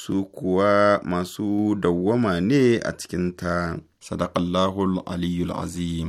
su kuwa masu dawwama ne a cikinta. sadaƙallahul Aliyu Azim.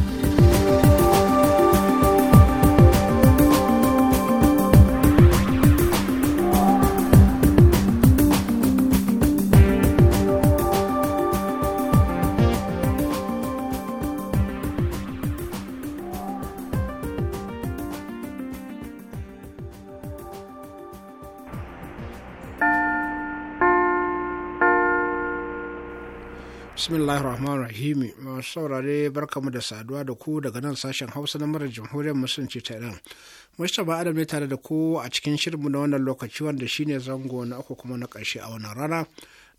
bismillahir rahmanir rahimi masu saurare barkamu da saduwa da ku daga nan sashen hausa na murar jamhuriyar musulunci ta iran mustapha adam ne tare da ku a cikin shirinmu na wannan lokaci wanda shine zango na uku kuma na ƙarshe a wannan rana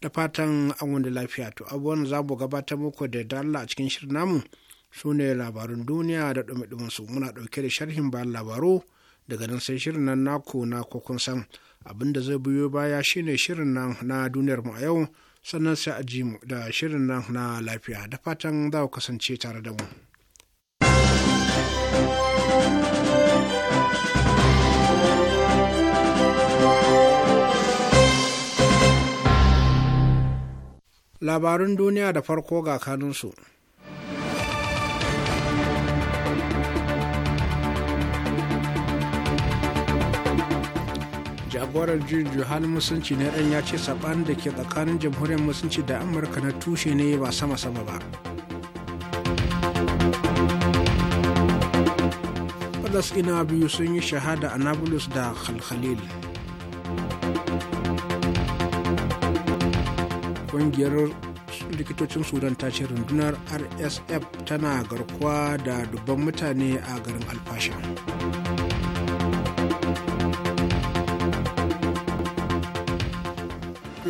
da fatan an wani lafiya to abubuwan za mu gabatar muku da dalla a cikin shirin namu su ne labarun duniya da ɗumi su muna ɗauke da sharhin bayan labaru daga nan sai shirin nan naku na kokun san abin da zai biyo baya shine shirin nan na duniyar mu a yau sannan sai a ji mu da shirin nan na lafiya da fatan za ku kasance tare da mu. Labarun duniya da farko ga kanunsu. jagorar jirgin halin musulunci na ɗan ya ce saɓanin da ke tsakanin jamhuriyar musulunci da amurka na tushe ne ba sama-sama ba falasɗina biyu sun yi shahada a nablus da khalkhalil ƙungiyar likitocin sudan ta ce rundunar rsf tana garkuwa da dubban mutane a garin alfasha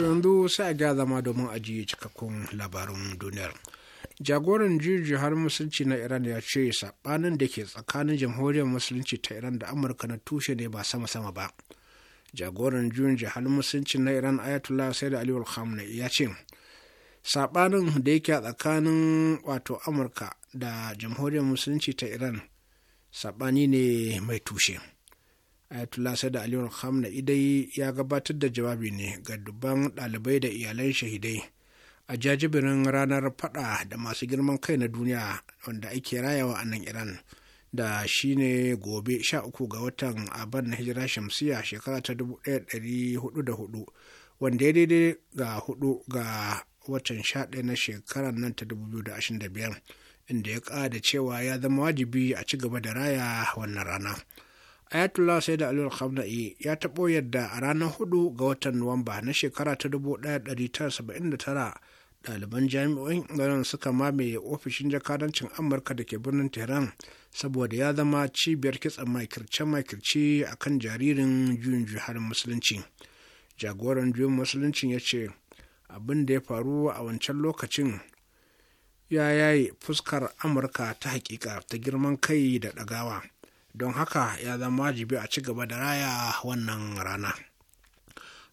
yanzu sai a ga zama domin a ajiye cikakkun labarin duniyar jagoran jirgin har musulunci na iran ya ce sabanin da ke tsakanin jamhuriyar musulunci ta iran da amurka na tushe ne ba sama-sama ba jagoran juyin jihar musulunci na iran ayatollah sayyid ali khamenei ya ce sabanin da yake a tsakanin wato amurka da jamhuriyar musulunci ta iran sabani ne mai tushe ayatollah da aliyu hamna idai ya gabatar da jawabi ne ga dubban ɗalibai da iyalan shahidai a jajibirin ranar fada da masu girman kai na duniya wanda ake rayawa a nan iran da shine gobe 13 ga watan aban na hijira shamsiya shekara ta 1404 wanda ya daidai ga 4 ga watan 11 na shekarar nan ta 2025 inda ya ƙada cewa ya zama wajibi a ci gaba da raya wannan rana. Ayatollah da Ali Khamenei ya taɓo yadda a ranar hudu ga watan Nuwamba na shekara ta tara ɗaliban jami'o'in garin suka mamaye ofishin jakadancin Amurka da ke birnin Tehran saboda ya zama cibiyar kitsan makirce-makirce a kan jaririn juyin juharin musulunci. Jagoran juyin musulunci ya ce abin da ya faru a wancan lokacin ya yaye fuskar Amurka ta hakika ta girman kai da ɗagawa. don haka ya zama wajibi a ci gaba da raya wannan rana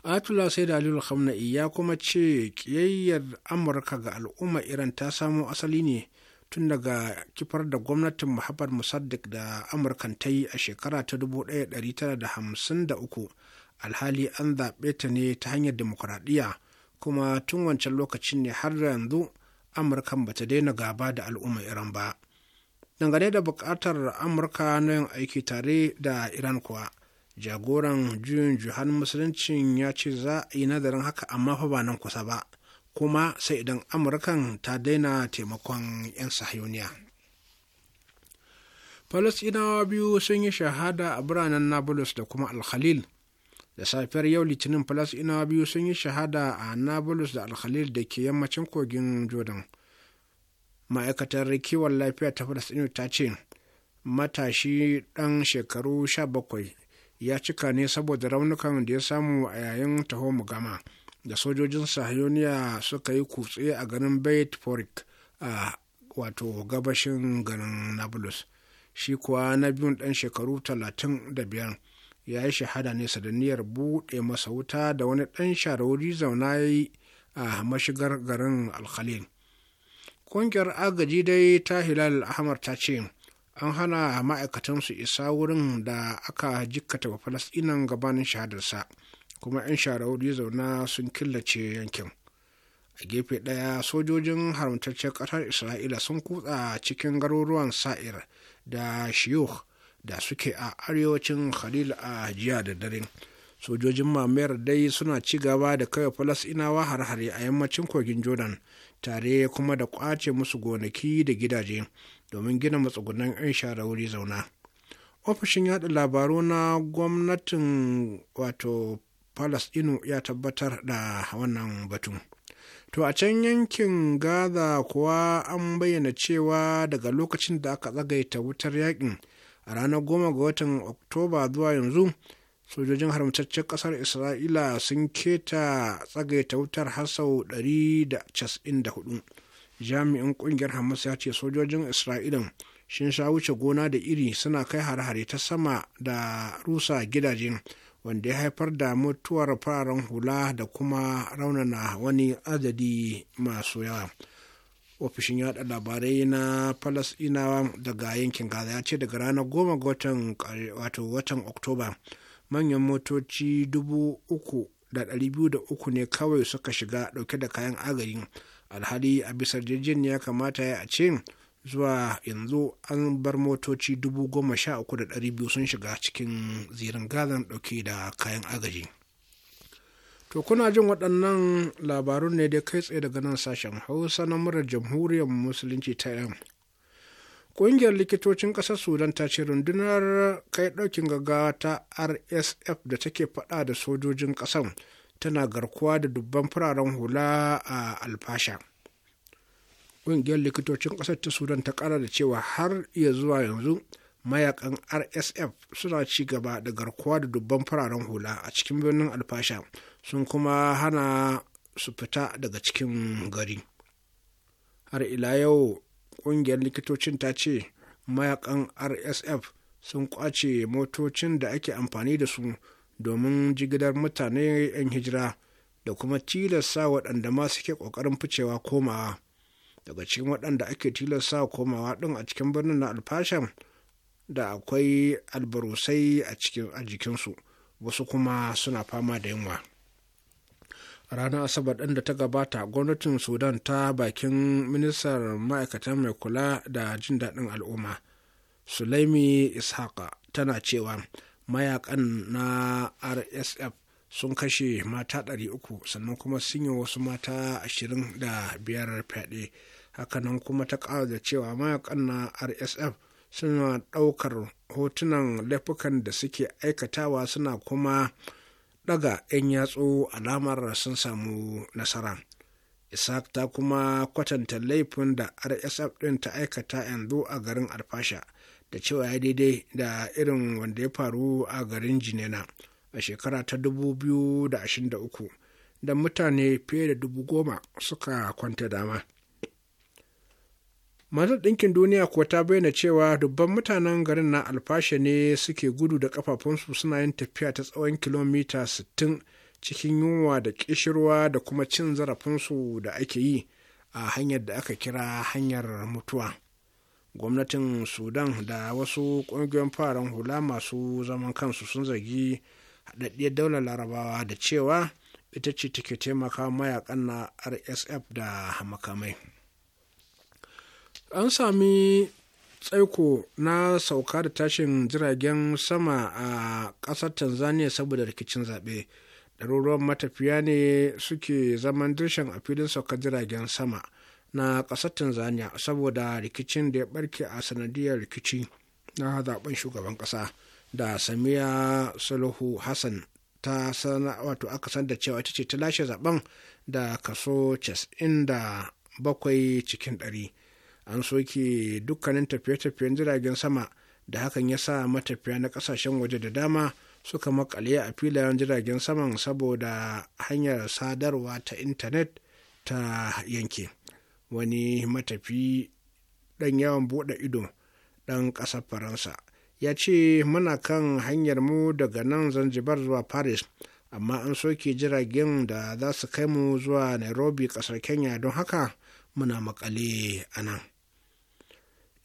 atula sai da alilu hamna'i ya kuma ce kiyayyar amurka ga al'umma iran ta samo asali ne tun daga kifar da gwamnatin muhammad musaddiq da amurkan ta yi a shekara ta 1953 alhali an zaɓe ta ne ta hanyar demokuraɗiyya kuma tun wancan lokacin ne har yanzu amurkan ba ta daina gaba da al'umma iran ba dangane da bukatar amurka na yin aiki tare da iran kuwa jagoran juyin juhan musuluncin ya ce za a yi nazarin haka amma fa ba nan kusa ba kuma sai idan amurkan ta daina taimakon 'yan sahiyoniya falasinawa biyu sun yi shahada a biranen nablus da kuma alkhalil da safiyar yau litinin falasɗinawa biyu sun yi shahada a nablus da alkhalil da ke yammacin kogin jordan ma'aikatar kiwon lafiya ta falasɗinu ta ce matashi ɗan shekaru 17 ya cika ne saboda raunukan da ya samu a yayin taho mugama da sojojin sahiyoniya suka yi kutse a garin bait forik a wato gabashin garin nablus shi kuwa na biyun ɗan shekaru 35 ya yi shahada ne sadaniyar buɗe masa wuta da wani ɗan shahararri zauna yi a mashigar garin alkhalil Ƙungiyar agaji dai ta Hilal Ahmad ta ce an hana ma'aikatan su isa wurin da aka jikkata wa Falasɗinan gabanin shahadarsa kuma 'yan shahararwuri zauna sun killace yankin. a gefe ɗaya sojojin haramtaccen ƙasar isra'ila sun kutsa cikin garuruwan sa'ir da shiyuh da suke a arewacin khalil a jiya da dare sojojin mamayar dai suna ci gaba da kawai falasinawa har-hare a yammacin kogin jordan tare kuma da ƙwace musu gonaki da gidaje domin gina matsugunan 'yan shara wuri zauna ofishin yada labaru na gwamnatin wato palestino ya tabbatar da wannan batun to a can yankin gaza kuwa an bayyana cewa daga lokacin da aka tsagaita wutar yakin a ranar goma ga watan oktoba zuwa yanzu sojojin haramtaccen kasar isra'ila sun keta tsagaita wutar hasau 194 jami'in kungiyar hamas ya ce sojojin isra'ilan shin sha wuce gona da iri suna kai hare-hare ta sama da rusa gidaje wanda ya haifar da mutuwar fararen hula da kuma raunana wani adadi masu yawa ofishin yada labarai na falasinawa daga yankin gaza ya ce daga ranar goma ga watan oktoba manyan motoci dubu uku da ɗari biyu da uku ne kawai suka shiga ɗauke da kayan agari alhali a bisa jirgin ya kamata ya ce zuwa yanzu an bar motoci dubu goma sha uku da ɗari biyu sun shiga cikin zirin gazan ɗauke da kayan agaji to kuna jin waɗannan labarun ne dai kai tsaye daga nan sashen hausa na murar jamhuriyar musulunci ta yan Ƙungiyar likitocin ƙasar Sudan ta ce rundunar kai ɗaukin gaggawa ta RSF da take faɗa da sojojin ƙasan tana garkuwa da dubban fararen hula a alfasha. Ƙungiyar likitocin ƙasar ta Sudan ta ƙara da cewa har iya zuwa yanzu mayakan RSF suna ci gaba da garkuwa da dubban fararen hula a cikin birnin alfasha sun kuma hana su fita daga cikin gari. Har ila yau ƙungiyar likitocin ta ce mayakan rsf sun kwace motocin da ake amfani da su domin jigilar mutane 'yan hijira da kuma tilasta waɗanda ma suke ƙoƙarin ficewa komawa daga cikin waɗanda ake tilasta komawa ɗin a cikin birnin na alfashan da akwai albarusai a jikinsu wasu kuma suna fama da yunwa. ranar asabar ɗin da ta gabata gwamnatin sudan ta bakin ministar ma'aikatan mai kula da jin daɗin al'umma sulaimi ishaqa tana cewa mayakan na rsf sun kashe mata 300 sannan kuma sun yi wasu mata 25 fyaɗe hakanan kuma ta ƙara da cewa mayakan na rsf suna ɗaukar hotunan laifukan da suke aikatawa suna kuma ɗaga 'yan yatsu alamar sun samu nasara. Isaac ta kuma kwatanta laifin da RSF ɗin ta aikata yanzu a garin Alfasha da cewa ya daidai da irin wanda ya faru a garin Jinena a shekara ta 2023 da mutane fiye da dubu goma suka kwanta dama. Majalisar Ɗinkin Duniya kuwa ta bayyana cewa dubban mutanen garin na alfashe ne suke gudu da ƙafafunsu suna yin tafiya ta tsawon kilomita 60 cikin yunwa da ƙishirwa da kuma cin zarafinsu da ake yi a hanyar da aka kira hanyar mutuwa. Gwamnatin Sudan da wasu ƙungiyoyin fararen hula masu zaman kansu sun zargi haɗaɗɗiyar daular larabawa da cewa ita ce take taimaka mayakan na RSF da makamai. an sami tsaiko na sauka da tashin jiragen sama a ƙasar tanzania saboda rikicin zaɓe ɗaruruwan matafiya ne suke zaman dirshan a filin sauka jiragen sama na ƙasar tanzania saboda rikicin da ya ɓarke a sanadiyar rikici na zaben shugaban ƙasa da samiya sulhu hassan ta sana wato aka san da cewa ta ce ta lashe zaben da kaso 97 cikin ɗari. an soke dukkanin tafiye-tafiyen jiragen sama da hakan ya sa matafiya na kasashen waje da dama suka makale a filayen jiragen saman saboda hanyar sadarwa ta intanet ta yanke wani matafi ɗan yawon buɗe ido ɗan ƙasar faransa ya ce muna kan hanyar mu daga nan zanzibar zuwa paris amma an soke jiragen da za su kai mu zuwa nairobi ƙasar kenya don haka muna makale a nan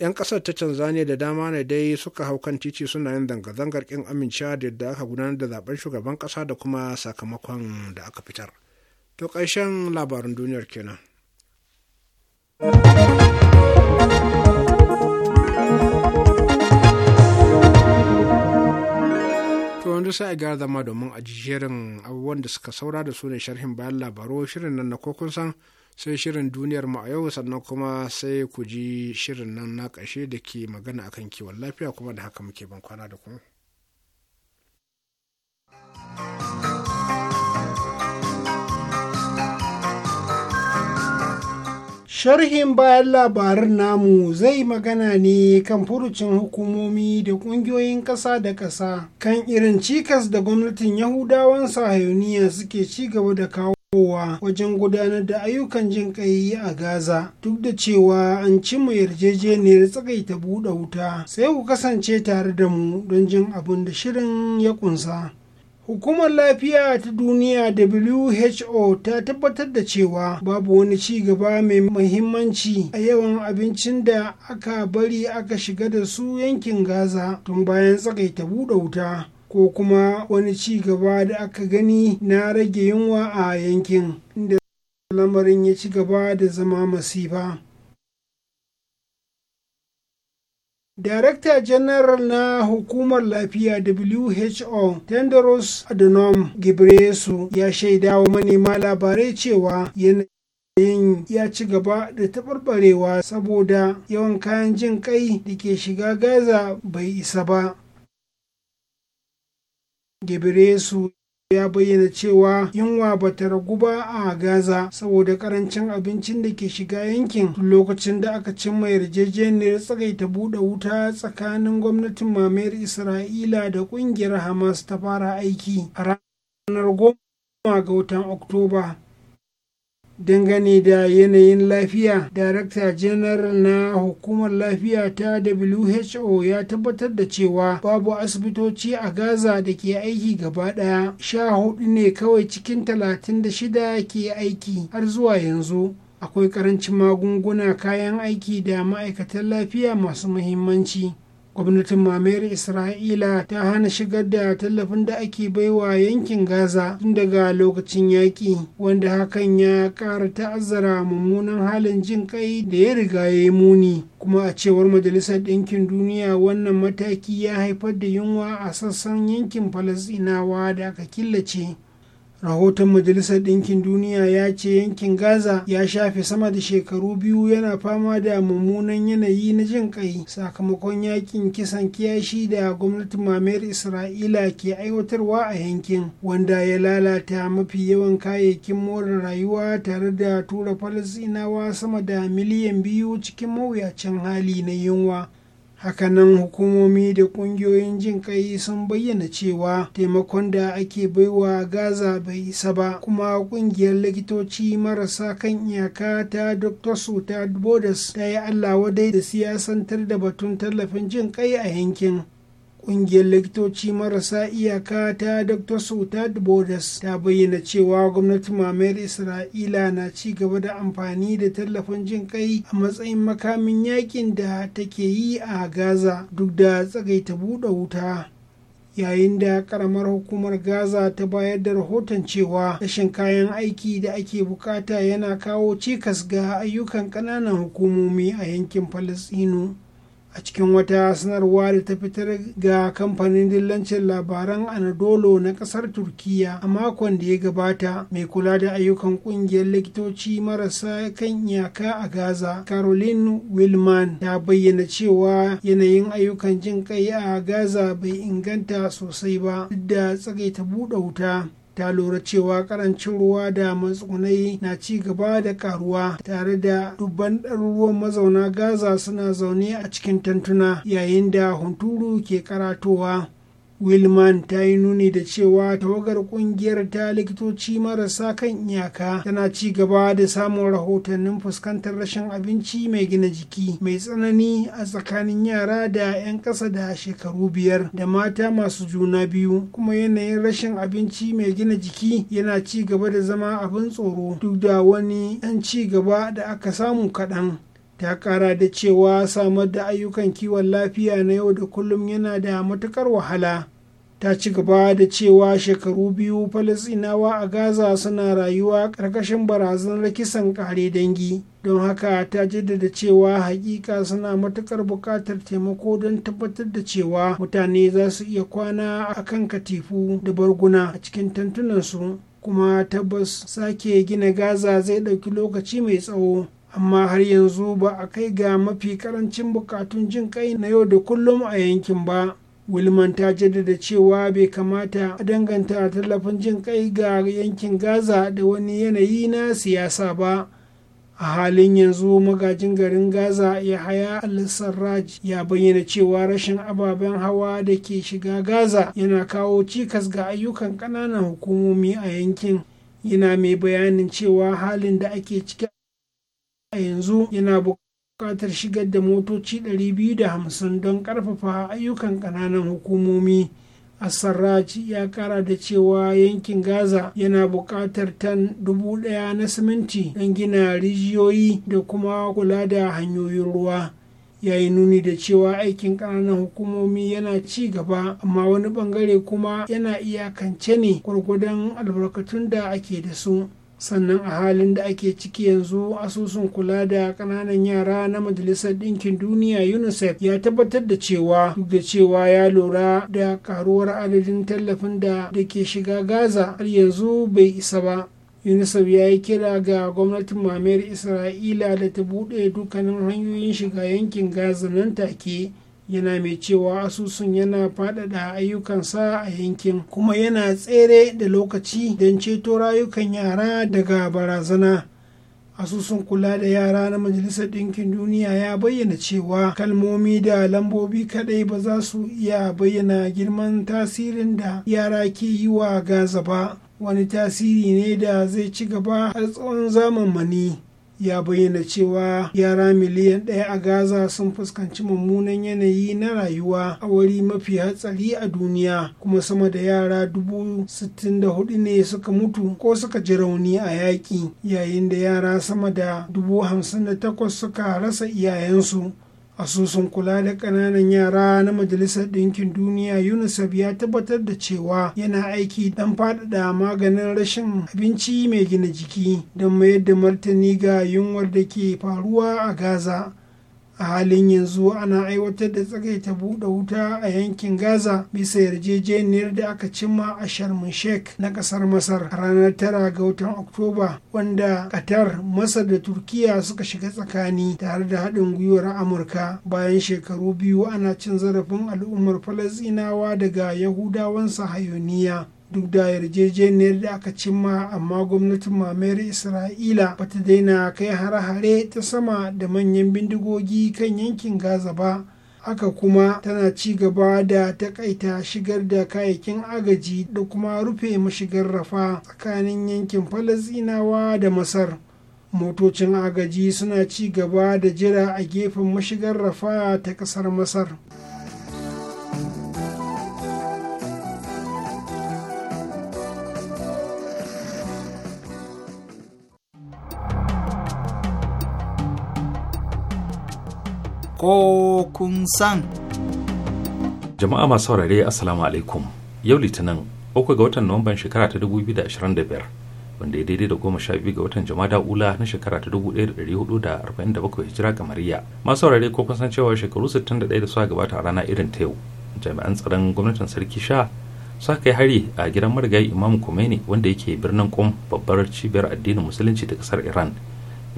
'yan ƙasar ta tanzania da dama ne dai suka hau kan titi suna yin zanga-zangar kin amincewa da yadda aka gudanar da zaben shugaban ƙasa da kuma sakamakon da aka fitar to ƙarshen labarin duniyar kenan to yanzu a gara zama domin a abubuwan da suka saura da su ne sharhin bayan labaro shirin nan na kokun san sai shirin duniyar mu a yau sannan kuma sai ku ji shirin nan na ƙashe da ke magana akan kiwon lafiya kuma da haka muke ban kwana da kuma. Sharhin bayan labarin namu zai magana ne kan furucin hukumomi da ƙungiyoyin ƙasa da ƙasa kan irin cikas da gwamnatin Yahudawan sahayuniya suke ci gaba da kawo kowa wajen gudanar da ayyukan jin kai a Gaza duk da cewa an ci cimma yarjejeniyar tsagaita buɗe wuta sai ku kasance tare da mu don jin abin da shirin ya kunsa. Hukumar lafiya ta duniya WHO ta tabbatar da cewa babu wani ci gaba mai muhimmanci a yawan abincin da aka bari aka shiga da su yankin Gaza tun bayan tsagaita buɗe wuta. ko kuma wani ci gaba da aka gani na rage yunwa a yankin inda lamarin ya ci gaba da zama masifa Darakta Janaral na Hukumar Lafiya WHO Tendros Adhanom Ghebreyesus ya shaidawa manema labarai cewa yanayin ya ci gaba da taɓarɓarewa saboda yawan kayan jin kai da ke shiga Gaza bai isa ba. gebresu ya bayyana cewa yunwa ba ta ragu ba a gaza saboda karancin abincin da ke shiga yankin lokacin da aka cimma yarjejeniyar ta buɗe wuta tsakanin gwamnatin mamayar isra'ila da ƙungiyar hamas ta fara aiki a ranar goma ga watan oktoba dangane da yanayin lafiya darakta general na hukumar lafiya ta who ya tabbatar da cewa babu asibitoci a gaza da ke aiki gaba daya sha hudu ne kawai cikin talatin da shida ke aiki har zuwa yanzu akwai karancin magunguna kayan aiki da ma'aikatan lafiya masu muhimmanci gwamnatin mamayar isra'ila ta hana shigar da tallafin da ake baiwa yankin gaza tun daga lokacin yaƙi wanda hakan ya ƙara ta'azzara mummunan halin jin kai da ya riga ya yi muni kuma a cewar majalisar ɗinkin duniya wannan mataki ya haifar da yunwa a sassan yankin falasɗinawa da aka killace rahoton majalisar ɗinkin duniya ya ce yankin gaza ya shafe sama da shekaru biyu yana fama da mummunan yanayi na jin kai sakamakon yakin kisan kiyashi da gwamnatin mamayar isra'ila ke aiwatarwa a yankin wanda ya lalata mafi yawan kayayyakin more rayuwa tare da tura falasinawa sama da miliyan biyu cikin mawuyacin hali na yunwa hakanan hukumomi da kungiyoyin jin kai sun bayyana cewa taimakon da ake baiwa gaza bai isa ba kuma kungiyar likitoci marasa kan iyaka ta dr suta bodas ta yi allah dai da siyasantar da batun tallafin jin kai a yankin Ƙungiyar likitoci marasa iyaka ta Dr. Sautat Bodas ta bayyana cewa gwamnatin mamayar Isra'ila na ci gaba da amfani da tallafin jin kai a matsayin makamin yakin da take yi a Gaza duk da tsagaita buɗe wuta. yayin da karamar hukumar gaza ta bayar da rahoton cewa rashin kayan aiki da ake bukata yana kawo cikas ga ayyukan ƙananan hukumomi a yankin falasɗinu a cikin wata sanarwa da ta fitar ga kamfanin dillancin labaran anadolo na kasar turkiya a makon da ya gabata mai kula da ayyukan kungiyar likitoci marasa kan iyaka a gaza caroline wilman ta bayyana cewa yanayin ayyukan jin kai a gaza bai inganta sosai ba duk da tsagaita buɗe wuta ta lura cewa karancin ruwa da matsugunai na ci gaba da karuwa tare da dubban ɗaruruwan mazauna gaza suna zaune a cikin tantuna yayin da hunturu ke karatowa Wilman ta yi nuni da cewa tawagar kungiyar ta likitoci marasa kan iyaka tana ci gaba da samun rahotannin fuskantar rashin abinci mai gina jiki mai tsanani a tsakanin yara da 'yan ƙasa da shekaru biyar da mata masu juna biyu kuma yanayin rashin abinci mai gina jiki yana ci gaba da zama abin tsoro duk da wani 'yan ci gaba da aka samu kaɗan. ta kara da cewa samar da ayyukan kiwon lafiya na yau da kullum yana da matukar wahala ta ci gaba da cewa shekaru biyu falasinawa a gaza suna rayuwa ƙarƙashin barazanar kisan kare dangi don haka ta jaddada cewa hakika suna matukar buƙatar taimako don tabbatar da cewa mutane za su iya kwana a kan katifu da barguna a cikin tantunansu kuma tabbas sake gina gaza zai ɗauki lokaci mai tsawo amma har yanzu ba a kai ga mafi karancin bukatun jin kai na yau da kullum a yankin ba wilman ta jaddada cewa bai kamata a danganta tallafin jin kai ga yankin gaza da wani yanayi na siyasa ba a halin yanzu magajin garin gaza ya haya al-sarraj ya bayyana cewa rashin ababen hawa da ke shiga gaza yana kawo cikas ga ayyukan ƙananan hukumomi a yankin yana mai bayanin cewa halin da ake ciki a yanzu yana buƙatar shigar da motoci 250 don ƙarfafa ayyukan ƙananan hukumomi sarraci ya kara da cewa yankin Gaza yana buƙatar tan dubu ɗaya na siminti don gina rijiyoyi da kuma kula da hanyoyin ruwa. ya yi nuni da cewa aikin ƙananan hukumomi yana ci gaba amma wani ɓangare kuma yana iyakance ne gwargwadon albarkatun da ake da su. sannan a halin da ake ciki yanzu asusun kula da kananan yara na majalisar ɗinkin duniya unicef ya tabbatar da cewa duk da cewa ya lura da karuwar adadin tallafin da da ke shiga gaza har yanzu bai isa ba unicef ya yi kira ga gwamnatin mamayar isra'ila da ta buɗe dukkanin hanyoyin shiga yankin gaza nan take yana mai cewa asusun yana faɗaɗa ayyukansa a yankin kuma yana tsere da lokaci don ceto rayukan yara daga barazana asusun kula da yara na majalisar ɗinkin duniya ya bayyana cewa kalmomi da lambobi kaɗai ba za su iya bayyana girman tasirin da yara ke yi wa gaza ba wani tasiri ne da zai ci gaba har tsawon zamani ya bayyana cewa yara miliyan ɗaya a gaza sun fuskanci mummunan yanayi na rayuwa a wuri mafi hatsari a duniya kuma sama da yara dubu sittin da hudu ne suka mutu ko suka ji rauni a yaƙi yayin da yara sama da dubu hamsin da takwas suka rasa iyayensu asusun kula da kananan yara na majalisar ɗinkin duniya unicef ya tabbatar da cewa yana aiki don faɗaɗa maganin rashin abinci mai gina jiki don mayar da martani ga yunwar da ke faruwa a gaza a halin yanzu ana aiwatar da tsagaita buɗe wuta a yankin gaza bisa yarjejeniyar da aka cimma a sharmin sheik na ƙasar masar a ranar tara ga watan oktoba wanda qatar masar da turkiya suka shiga tsakani tare da haɗin gwiwar amurka bayan shekaru biyu ana cin zarafin al'ummar falasinawa daga yahudawan sahayoniya duk da yarjejeniyar da aka cimma amma gwamnatin mamayar isra'ila ba ta daina kai hare-hare ta sama da manyan bindigogi kan yankin gaza ba haka kuma tana ci gaba da takaita shigar da kayayyakin agaji da kuma rufe mashigar rafa tsakanin yankin falazinawa da masar motocin agaji suna ci gaba da jira a gefen mashigar rafa ta kasar masar. ko kun san. Jama'a masu saurare Assalamu alaikum yau litinin uku ga watan Nuwamban shekara ta 2025 wanda ya daidai da goma sha biyu ga watan Jama'a ula na shekara ta 1447 hijira Mariya. Masu saurare ko kun san cewa shekaru 61 da suka gabata a rana irin ta yau jami'an tsaron gwamnatin sarki sha sa kai hari a gidan marigayi imam Khomeini wanda yake birnin Qom babbar cibiyar addinin musulunci ta kasar Iran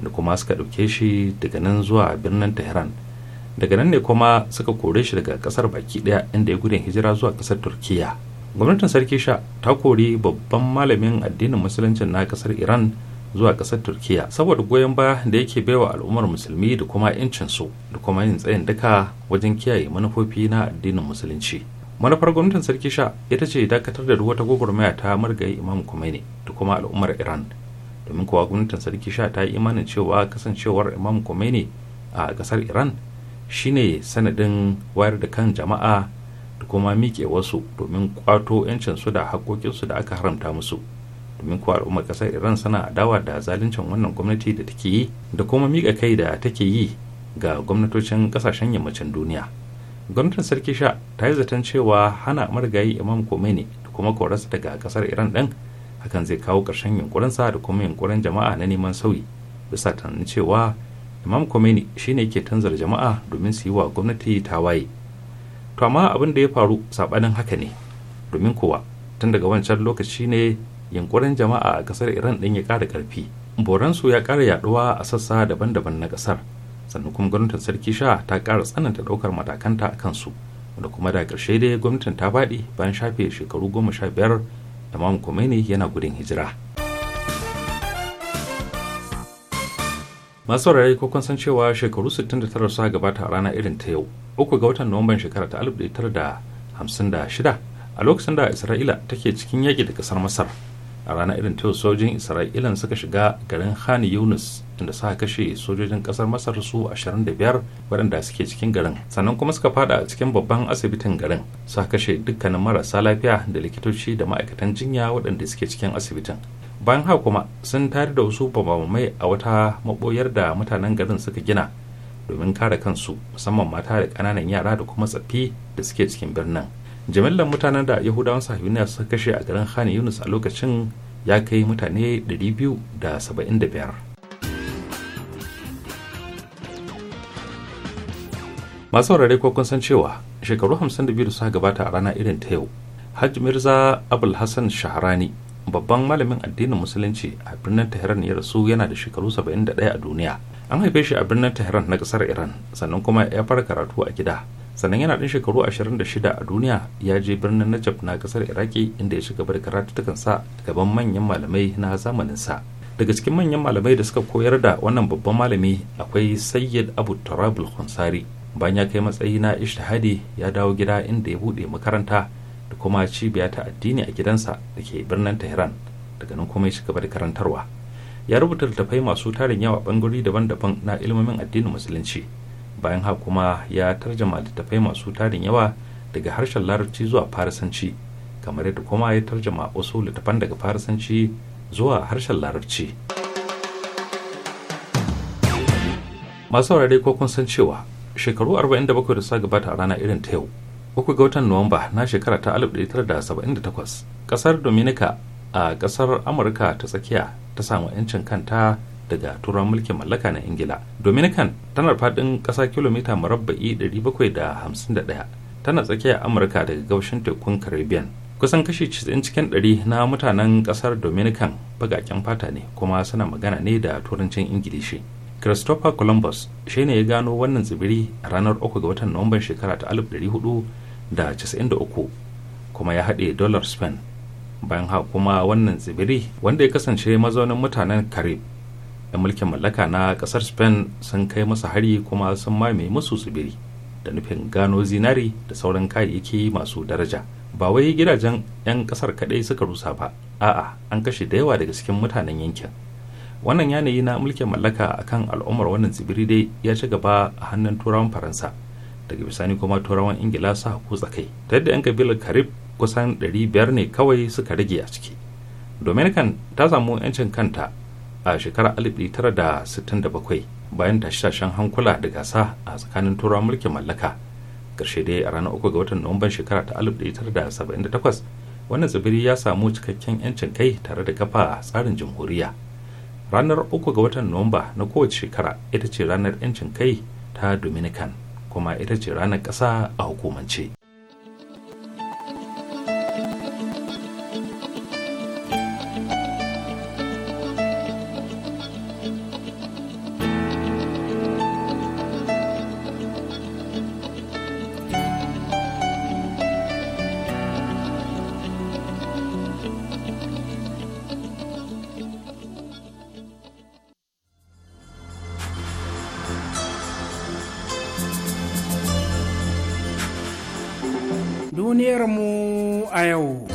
da kuma suka ɗauke shi daga nan zuwa birnin Tehran daga nan ne kuma suka kore shi daga kasar baki daya inda ya gudun hijira zuwa kasar turkiya gwamnatin sarki sha ta kori babban malamin addinin musuluncin na kasar iran zuwa kasar turkiya saboda goyon baya da yake baiwa al'ummar musulmi da kuma 'yancin su da kuma yin tsayin duka wajen kiyaye manufofi na addinin musulunci manufar gwamnatin sarki sha ita ce dakatar da wata gwagwarmaya ta margayi imam kumaini da kuma al'ummar iran domin kuwa gwamnatin sarki sha ta yi imanin cewa kasancewar imam kumaini a kasar iran shine sanadin wayar da kan jama'a da kuma miƙe wasu domin kwato su da haƙoƙinsu da aka haramta musu domin kuwa al'ummar ƙasar iran suna adawa da zaluncin wannan gwamnati da take yi da kuma miƙa kai da take yi ga gwamnatocin ƙasashen yammacin duniya gwamnatin sarki sha ta yi zaton cewa hana marigayi imam ne da kuma korarsa daga ƙasar iran ɗin hakan zai kawo ƙarshen yunkurinsa da kuma yunkurin jama'a na neman sauyi bisa tunanin cewa imam khomeini shine yake tanzar jama'a domin su yi wa gwamnati tawaye to amma abin da ya faru sabanin haka ne domin kowa tun daga wancan lokaci ne yunkurin jama'a a kasar iran din ya ƙara ƙarfi boransu ya kara yaduwa a sassa daban-daban na kasar sannan kuma gwamnatin sarki sha ta kara tsananta ɗaukar matakanta a kansu wanda kuma da karshe dai gwamnatin ta faɗi bayan shafe shekaru goma sha biyar imam khomeini yana gudun hijira. masu rayu ko kun san cewa shekaru 69 suka gabata a rana irin ta yau uku ga watan nuwamban shekara ta 1956 a lokacin da isra'ila take cikin yaƙi da ƙasar masar a rana irin ta yau sojin isra'ilan suka shiga garin hani yunus inda suka kashe sojojin ƙasar masar su 25 waɗanda suke cikin garin sannan kuma suka fada a cikin babban asibitin garin suka kashe dukkanin marasa lafiya da likitoci da ma'aikatan jinya waɗanda suke cikin asibitin bayan haka kuma sun tare da wasu bambamai a wata maboyar da mutanen garin suka gina domin kare kansu musamman mata da ƙananan yara da kuma tsaffi da suke cikin birnin jimillar mutanen da yahudawan sahiyuniya suka kashe a garin khan yunus a lokacin ya kai mutane 275 masu saurare ko kun san cewa shekaru 52 da suka gabata a rana irin ta yau hajj mirza abul hassan shaharani babban malamin addinin musulunci a birnin tehran ya rasu yana da shekaru 71 a duniya an haife shi a birnin tehran na kasar iran sannan kuma ya fara karatu a gida sannan yana ɗin shekaru 26 a duniya ya je birnin najaf na kasar iraki inda ya shiga bar sa gaban manyan malamai na zamanin sa. daga cikin manyan malamai da suka koyar da wannan babban malami akwai sayyid abu turabul khansari bayan ya kai matsayi na ishtihadi ya dawo gida inda ya buɗe makaranta kuma cibiya ta addini a gidansa da ke birnin tehran daga nan kuma ya ci gaba da karantarwa ya rubuta littattafai masu tarin yawa bangarori daban-daban na ilmomin addinin musulunci bayan haka kuma ya tarjama littattafai masu tarin yawa daga harshen larabci zuwa farisanci kamar yadda kuma ya tarjama wasu littattafan daga farisanci zuwa harshen larabci masu saurare ko kun san cewa shekaru 47 da suka gabata a rana irin ta yau uku ga watan nuwamba na shekara ta 1978 kasar dominica a kasar amurka ta tsakiya ta samu 'yancin kanta daga turan mulkin mallaka na ingila dominican tana fadin kasa kilomita murabba'i 751 tana tsakiya amurka daga gabashin tekun caribbean kusan kashi 90 cikin 100 na mutanen kasar dominican bagaken fata ne kuma suna magana ne da turancin ingilishi christopher columbus shine ya gano wannan tsibiri a ranar 3 ga watan nuwamban shekara ta da casa'in da uku kuma ya haɗe dollar spain bayan ha kuma wannan tsibiri wanda ya kasance mazaunin mutanen karib 'yan mulkin mallaka na kasar spain sun kai masa hari kuma sun mame musu tsibiri da nufin gano zinari da sauran kayayyaki masu daraja ba wai gidajen 'yan kasar kadai suka rusa ba a'a an kashe da yawa daga cikin mutanen yankin wannan yanayi na mulkin mallaka akan al'ummar wannan tsibiri dai ya ci gaba a hannun turawan faransa daga bisani kuma turawan ingila su haku tsakai ta yadda 'yan kabilar karib kusan 500 ne kawai suka rage a ciki dominican ta samu 'yancin kanta a shekarar 1967 bayan tashe-tashen hankula da gasa a tsakanin turawan mulkin mallaka ƙarshe dai a ranar 3 ga watan nuwamban shekara ta 1978 wannan tsibiri ya samu cikakken 'yancin kai tare da kafa tsarin jamhuriya ranar 3 ga watan nuwamba na kowace shekara ita ce ranar 'yancin kai ta dominican kuma ita ce ranar ƙasa a hukumance yau.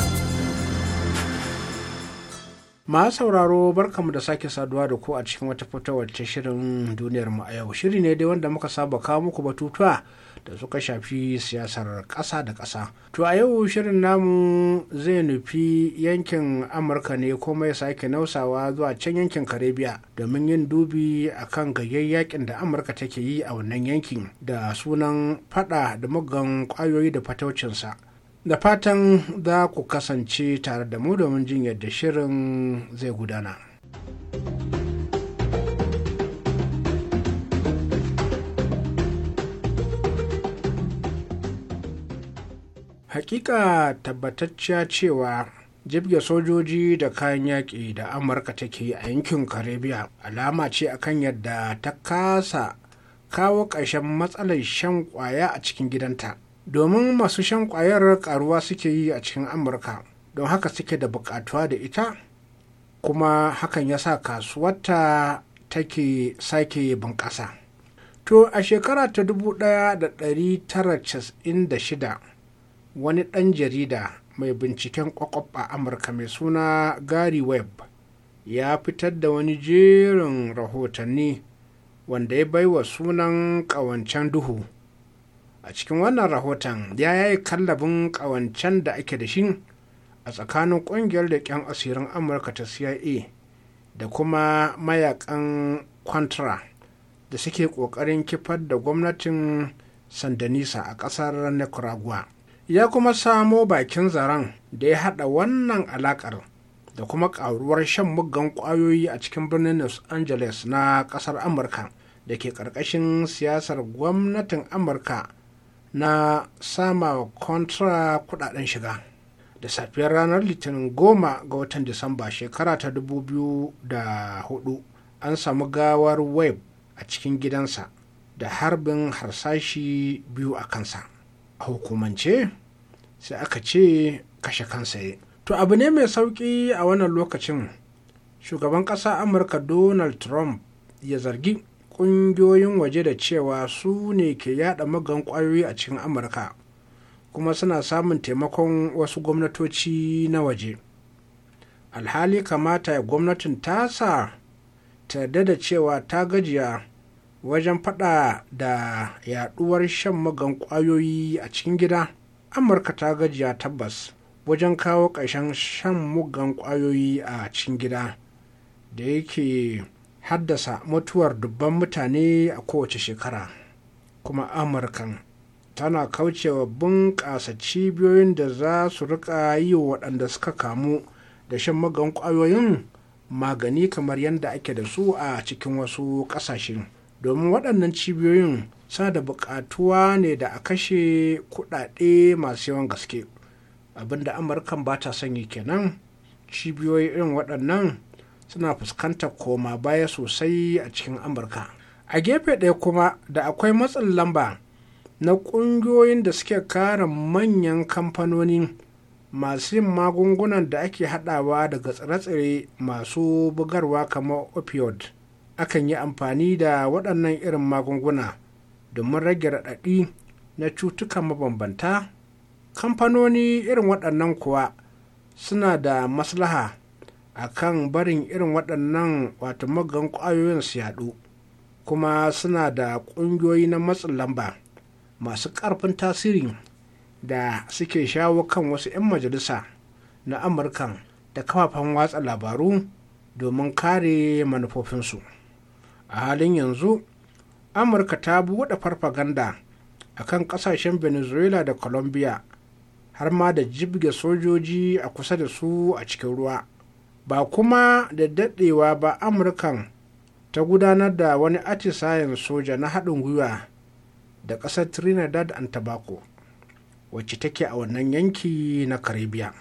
Ma sauraro barkamu da sake saduwa da ku a cikin wata fitowar ta shirin duniyar mu a yau. Shiri ne dai wanda muka saba kawo muku batutuwa da suka shafi siyasar ƙasa da ƙasa. To a yau shirin namu zai nufi yankin Amurka ne ko mai sake nausawa zuwa can yankin Karibiya domin yin dubi a kan gayyar yakin da Amurka take yi a wannan yankin da sunan fada da muggan kwayoyi da fataucinsa. da fatan za ku kasance tare da mu domin jin yadda shirin zai gudana. Hakika tabbatacciya cewa jibge sojoji da kayan yaƙi da Amurka take a yankin Karibiya alama ce akan yadda ta kasa kawo ƙarshen matsalar shan ƙwaya a cikin gidanta. domin masu shan kwayar karuwa suke yi a cikin amurka don haka suke da buƙatuwa da ita kuma hakan ya sa kasuwarta take sake bunƙasa to a shekara ta 1996 wani ɗan jarida mai binciken ƙwaƙwaf a amurka mai suna gary webb ya fitar da wani jerin rahotanni wanda ya baiwa sunan ƙawancen duhu a cikin wannan rahoton ya yi kallabin ƙawancen da ake da shi a tsakanin ƙungiyar leƙen asirin amurka ta cia da kuma mayakan contra da suke ƙoƙarin kifar da gwamnatin sandanisa a ƙasar nicaragua ya kuma samo bakin zaren da ya haɗa wannan alaƙar da kuma ƙaruwar shan muggan ƙwayoyi a cikin birnin los angeles na ƙasar amurka da ke ƙarƙashin siyasar gwamnatin amurka na sama wa kontra kudaden shiga da safiyar ranar litinin goma ga watan disamba shekara ta dubu biyu da 2004 an samu gawar web a cikin gidansa da harbin harsashi biyu a kansa a hukumance sai aka ce kashe kansa ya to abu ne mai sauki a wannan lokacin shugaban ƙasa amurka donald trump ya zargi ƙungiyoyin waje da cewa su ne ke yada magan kwayoyi a cikin amurka kuma suna samun taimakon wasu gwamnatoci na waje alhali kamata gwamnatin tasa ta yarda da cewa ta gajiya wajen fada da yaduwar shan magan kwayoyi a cikin gida amurka ta gajiya tabbas wajen kawo ƙarshen shan mugan kwayoyi a cikin gida da yake haddasa mutuwar dubban mutane a kowace shekara kuma amurkan tana kaucewa bunƙasa cibiyoyin da za su rika yi wa waɗanda suka kamu da shan magan ƙwayoyin magani kamar yadda ake da su a cikin wasu ƙasashe domin waɗannan cibiyoyin sa da buƙatuwa ne da a kashe kuɗaɗe masu yawan gaske abinda amurkan ba ta sanyi kenan cibiyoyi waɗannan suna fuskantar koma baya sosai a cikin amurka a gefe ɗaya kuma da akwai matsin lamba na ƙungiyoyin da suke kare manyan kamfanoni masu yin magungunan da ake haɗawa daga tsire-tsire masu bugarwa kamar opioid akan yi amfani da waɗannan irin magunguna domin rage raɗaɗi na cutuka mabambanta kamfanoni irin waɗannan kuwa suna da maslaha a kan barin irin waɗannan wato magan ƙwayoyin su yaɗu kuma suna da ƙungiyoyi na matsin lamba masu ƙarfin tasiri da suke shawo kan wasu 'yan majalisa na amurka da kafafen watsa labaru domin kare manufofinsu a halin yanzu amurka ta buɗe farfaganda a kan ƙasashen venezuela da colombia har ma da jibge sojoji a kusa da su a cikin ruwa ba kuma da daɗewa ba amurkan ta gudanar da wani atisayen soja na haɗin gwiwa da ƙasar trinidad and tobago wacce take a wannan yanki na caribbean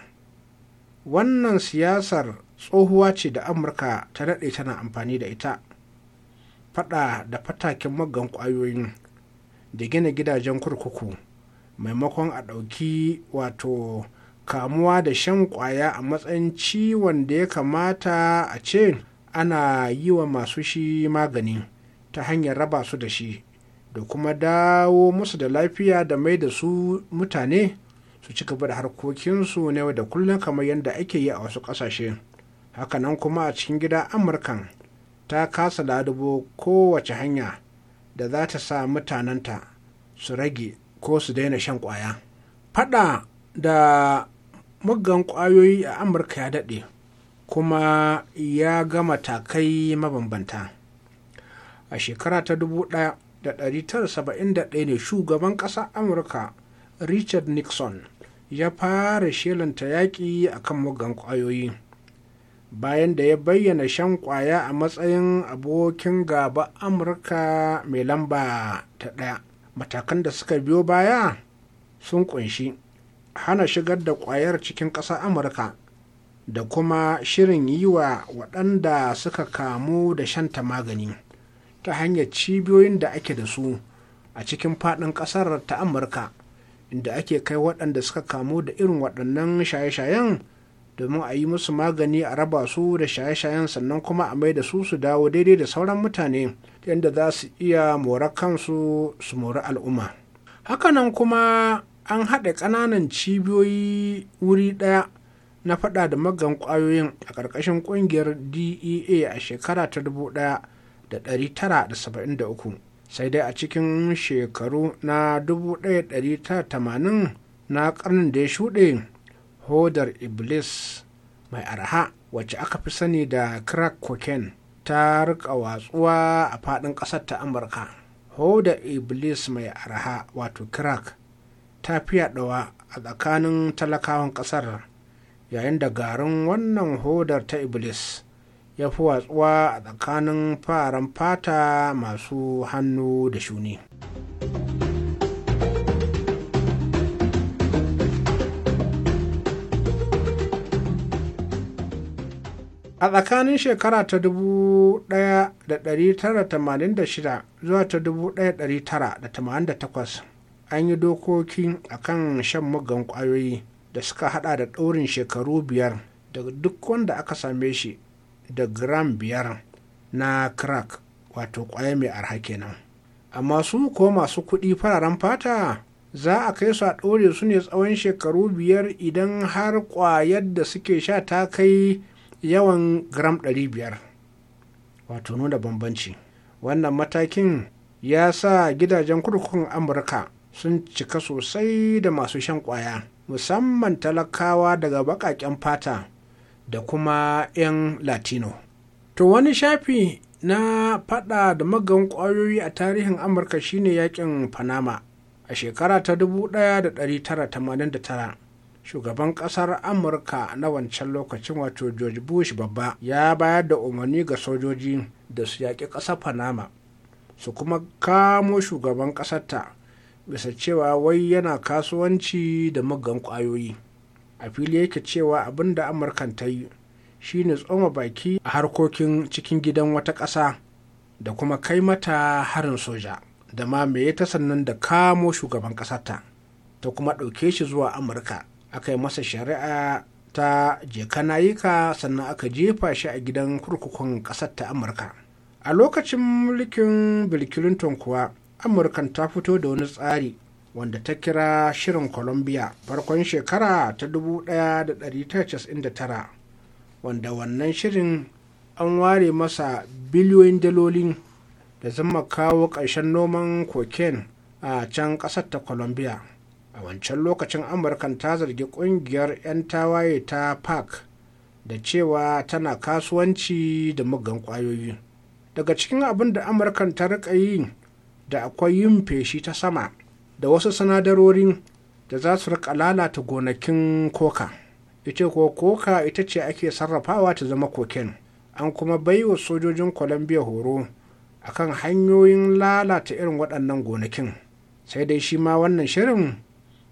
wannan siyasar tsohuwa ce da amurka ta daɗe tana amfani da ita faɗa da fatakin magan ƙwayoyin da gina gidajen kurkuku maimakon a ɗauki wato kamuwa da shan kwaya a matsayin ciwon da ya kamata a ce ana yi wa masu shi magani ta hanyar raba su da shi da kuma dawo musu da lafiya da mai da su mutane su ci gaba da harkokinsu na yau da kullum kamar yadda ake yi a wasu ƙasashe hakanan kuma a cikin gida amurkan ta kasa ladubo kowace hanya da za ta sa mutanenta su rage ko su daina shan kwaya Fada da muggan ƙwayoyi a amurka ya daɗe kuma ya ga matakai mabambanta a shekara ta 1971 ne shugaban ƙasar amurka richard nixon ya fara shelanta yaƙi a kan muggan ƙwayoyi bayan da ya bayyana shan ƙwaya a matsayin abokin gaba amurka mai lamba ta ɗaya matakan da suka biyo baya sun ƙunshi hana shigar da kwayar cikin ƙasar amurka da kuma shirin yi wa waɗanda suka kamu da shanta magani ta hanyar cibiyoyin da ake da su a cikin faɗin ƙasar ta amurka inda ake kai waɗanda suka kamu da irin waɗannan shaye-shayen domin a yi musu magani a raba su da shaye-shayen sannan kuma a mai da su su dawo daidai da sauran mutane yadda za su iya mora kansu su mori al'umma hakanan kuma an haɗa ƙananan cibiyoyi wuri ɗaya na faɗa da magan ƙwayoyin a ƙarƙashin ƙungiyar dea a shekara ta 1973 sai dai a cikin shekaru na 1980 na ƙarnin da ya shuɗe hodar iblis mai arha wacce aka fi sani da crack cocaine ta rika watsuwa a faɗin ƙasar ta amurka hodar iblis mai arha wato crack ta fi a tsakanin talakawan ƙasar yayin da garin wannan hodar ta iblis ya fi watsuwa a tsakanin faran fata masu hannu da shuni. a tsakanin shekara ta 1986 zuwa ta 1988 an yi dokoki kan shan mugan kwayoyi da suka hada da ɗaurin shekaru biyar daga duk wanda aka same shi da gram biyar na crack wato kwaya mai arha kenan amma su ko masu kuɗi fararen fata za a kai su a ɗore su ne tsawon shekaru biyar idan har ƙwayar da suke sha ta kai yawan gram 500 wato nuna bambanci wannan matakin ya sa gidajen kurkukun amurka sun cika sosai da masu shan ƙwaya musamman talakawa daga baƙaƙen fata da kuma 'yan latino to wani shafi na fada da magan ƙwayoyi a tarihin amurka shine yakin panama a shekara ta 1989 shugaban kasar amurka na wancan lokacin wato george bush babba ya bayar da umarni ga sojoji da su yaƙi ƙasar panama su kuma kamo shugaban ƙasar ta. bisa cewa wai yana kasuwanci da muggan kwayoyi a fili yake cewa abin da amurkan ta yi shine tsoma baki a harkokin cikin gidan wata ƙasa da kuma kai mata harin soja da ma mamaye ta sannan da kamo shugaban ƙasarta ta kuma ɗauke shi zuwa amurka aka yi masa shari'a ta jekanayika sannan aka jefa shi a gidan kurkukun ƙasar ta amurka a lokacin mulkin bill kuwa amurkan ta fito da wani tsari wanda ta kira shirin colombia farkon shekara ta 1999 wanda wannan shirin an ware masa biliyoyin dalolin da zama kawo ƙarshen noman cocaine a can ƙasar ta colombia a wancan lokacin amurkan ta zargi ƙungiyar 'yan tawaye ta park da cewa tana kasuwanci da muggan ƙwayoyi daga cikin abin da amurkan ta rika yi da akwai yin feshi ta sama da wasu sinadarorin da za su rika lalata gonakin koka ita ko koka ita ce ake sarrafawa ta zama koken an kuma baiwa sojojin colombia horo akan hanyoyin lalata irin waɗannan gonakin sai dai shi ma wannan shirin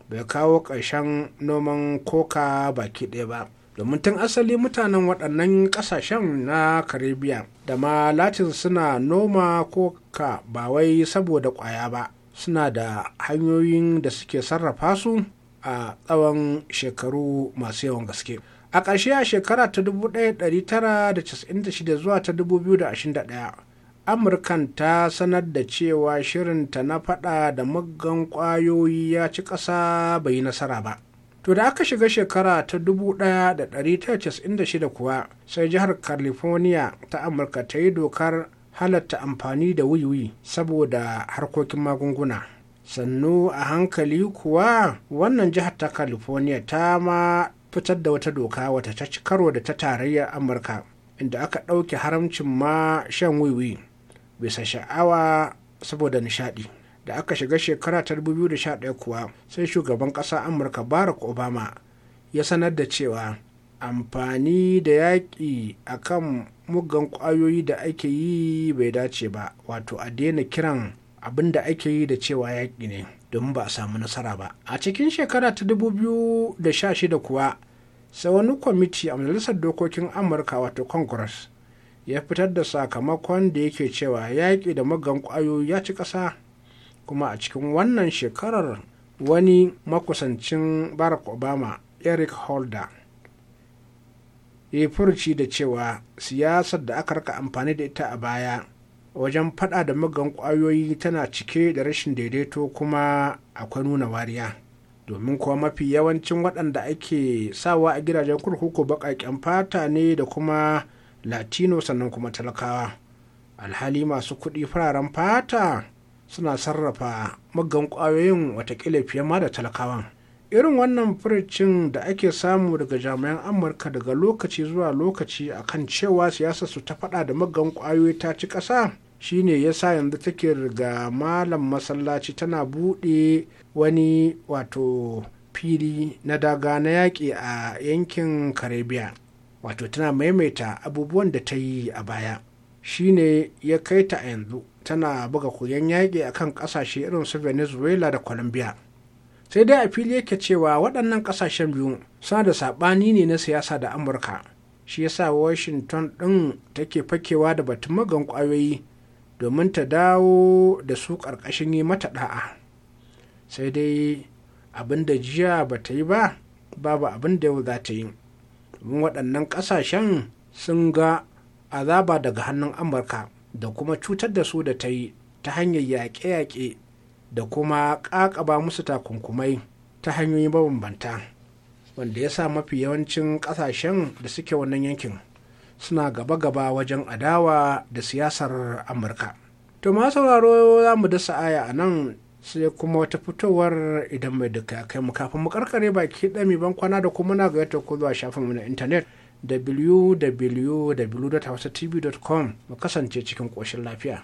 bai kawo ƙarshen noman koka baki ɗaya ba domin tun asali mutanen waɗannan ƙasashen na karibiya da ma latin suna noma koka ba wai saboda ƙwaya ba suna da hanyoyin da suke sarrafa su a tsawon shekaru masu yawan gaske a ƙarshe a shekara ta 1996 zuwa ta 2021 amurkan ta sanar da cewa shirinta na fada da muggan ƙwayoyi ya ci ƙasa bai yi nasara ba To da aka shiga shekara ta 1996 kuwa sai jihar California ta Amurka ta yi dokar halatta amfani da wiwi saboda harkokin magunguna. Sannu a hankali kuwa wannan jihar ta California ta ma fitar da wata doka wata ta ci karo da ta tarayyar Amurka inda aka ɗauke haramcin ma shan wiwi bisa sha'awa saboda nishaɗi. da aka shiga shekara ta 2011 kuwa sai shugaban ƙasa amurka barack obama ya sanar da cewa amfani da yaƙi a kan muggan ƙwayoyi da ake yi bai dace ba wato a daina kiran abin da ake yi da cewa yaƙi ne domin ba a samu nasara ba a cikin shekara ta 2016 kuwa sai wani kwamiti a majalisar dokokin amurka wato congress ya fitar da sakamakon da yake cewa yaƙi da muggan ƙwayoyi ya ci ƙasa kuma a cikin wannan shekarar wani makusancin barack obama eric holder ya furci da cewa siyasar da aka raka amfani da ita a baya wajen fada da magan kwayoyi tana cike da rashin daidaito kuma akwai nuna wariya domin kuwa mafi yawancin waɗanda ake sawa a gidajen kurkuku baƙaƙen fata ne da kuma latino sannan kuma talakawa alhali masu kuɗi fararen fata suna sarrafa magan kwayoyin watakila fiye ma da talakawan irin wannan furicin da ake samu daga jami'an amurka daga lokaci zuwa lokaci a kan cewa siyasa su ta faɗa da maggan kwayoyi ta ci ƙasa shine sa yanzu take riga malam masallaci tana buɗe wani wato fili na daga na yaƙi a yankin karibiya wato tana maimaita abubuwan da ta yi a baya shine ya kai ta a yanzu tana buga koyon yaƙi a kan ƙasashe irin su venezuela da colombia sai dai a fili yake cewa waɗannan ƙasashen biyu suna da saɓani ne na siyasa da amurka shi yasa washington ɗin take fakewa da batun magan ƙwayoyi domin ta dawo da su ƙarƙashin yi mata ɗa'a sai dai abin da jiya ba ta yi ba babu abin da yau za ta yi domin waɗannan ƙasashen sun ga azaba daga hannun amurka da kuma cutar da su da ta yi ta hanyar yaƙe-yaƙe da kuma ƙaƙaba musu takunkumai ta hanyoyi mabambanta wanda ya sa mafi yawancin ƙasashen da suke wannan yankin suna gaba-gaba wajen adawa da siyasar amurka to ma sauraro za mu dasa aya a nan sai kuma wata fitowar idan mai duka kai mu kafin mu karkare baki ɗami ban kwana da kuma na ga yadda ko zuwa shafin mu na intanet www.hausatv.com mu kasance cikin ƙoshin lafiya.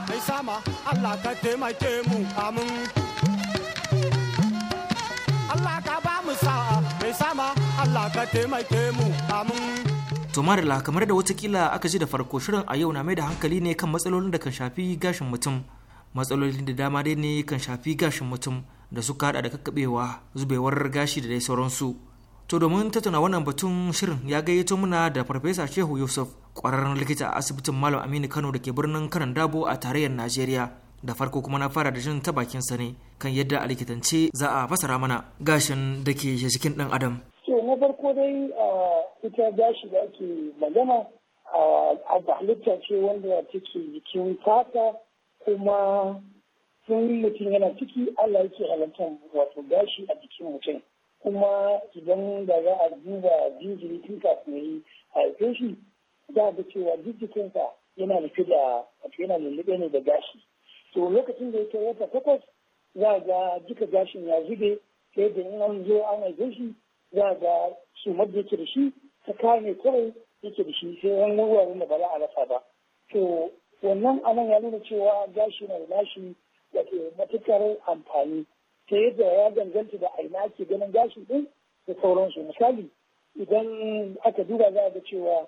sama Allah ka taimake mu amin Allah ka ba mu sa'a mai sama Allah ka taimake mu amin to marila kamar da watakila aka ji da farko shirin a yau na mai da hankali ne kan matsalolin da kan shafi gashin mutum matsalolin da dama dai ne kan shafi gashin mutum da suka hada da kakkabewa zubewar gashi da dai sauransu To domin tattauna wannan batun shirin ya gayyato muna da Farfesa Shehu Yusuf ƙwararren likita a asibitin Malam Aminu Kano da ke birnin Kanan Dabo a tarayyar Najeriya. Da farko kuma na fara da jin ta bakin sa ne kan yadda a likitance za a fasara mana gashin da ke jikin ɗan Adam. To na farko dai ita gashi da ake magana a halitta ce wanda take jikin fata kuma sun mutum yana ciki Allah yake halittar wato gashi a jikin mutum. kuma idan da za a duba jinjiri tun kafin yi haife shi za ga cewa duk jikinsa yana rufe da wato yana lullube ne da gashi to lokacin da yake wata takwas za a ga duka gashin ya zube sai da in an zo an haife shi za ga su da yake da shi ta kame kawai yake da shi sai wani wuraren da ba za a rasa ba to wannan anan ya nuna cewa gashi na da gashi da matukar amfani ta yadda ya danganta da aina ake ganin gashi din da sauransu misali idan aka duba za ga cewa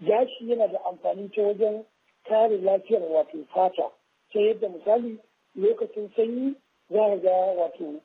gashi yana da amfani ta wajen kare lafiyar wato fata ta yadda misali lokacin sanyi za a ga wato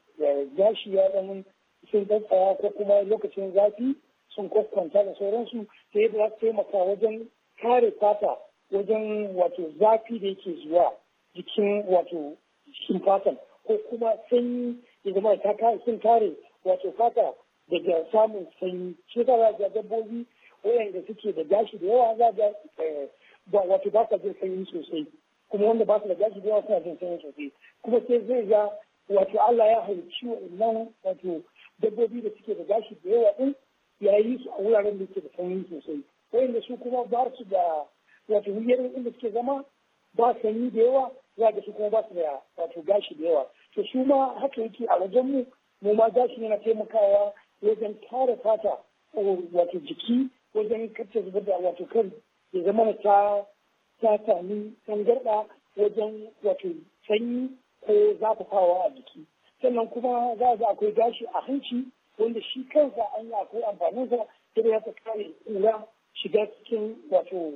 gashi ya zama sun tsaya ko kuma lokacin zafi sun kwakwanta da sauransu ta yadda za su taimaka wajen kare fata wajen wato zafi da yake zuwa jikin wato jikin fatan ko kuma sanyi ya ta sun tare wato fata daga samun sanyi shi ka za ga dabbobi waɗanda suke da gashi da yawa za ga eh, ba wato ba sa jin sanyi sosai kuma wanda ba su da gashi da yawa suna jin sanyi sosai kuma sai zai ga wato Allah ya halicci waɗannan wato dabbobi da suke da gashi da yawa din ya yi su a wuraren da suke da sanyi sosai waɗanda su kuma ba su da wato wuyarin inda suke zama ba sanyi da yawa za ga su kuma ba su da wato gashi da yawa to su ma haka yake a wajen mu mu ma gashi yana taimakawa wajen tara fata wato jiki wajen kacce zubar da wato kan ya zama ta ta sami tangarɗa wajen wato sanyi ko zafafawa a jiki sannan kuma za ga akwai gashi a hanci wanda shi kansa an yi akwai amfaninsa da ya ta kare kura shiga cikin wato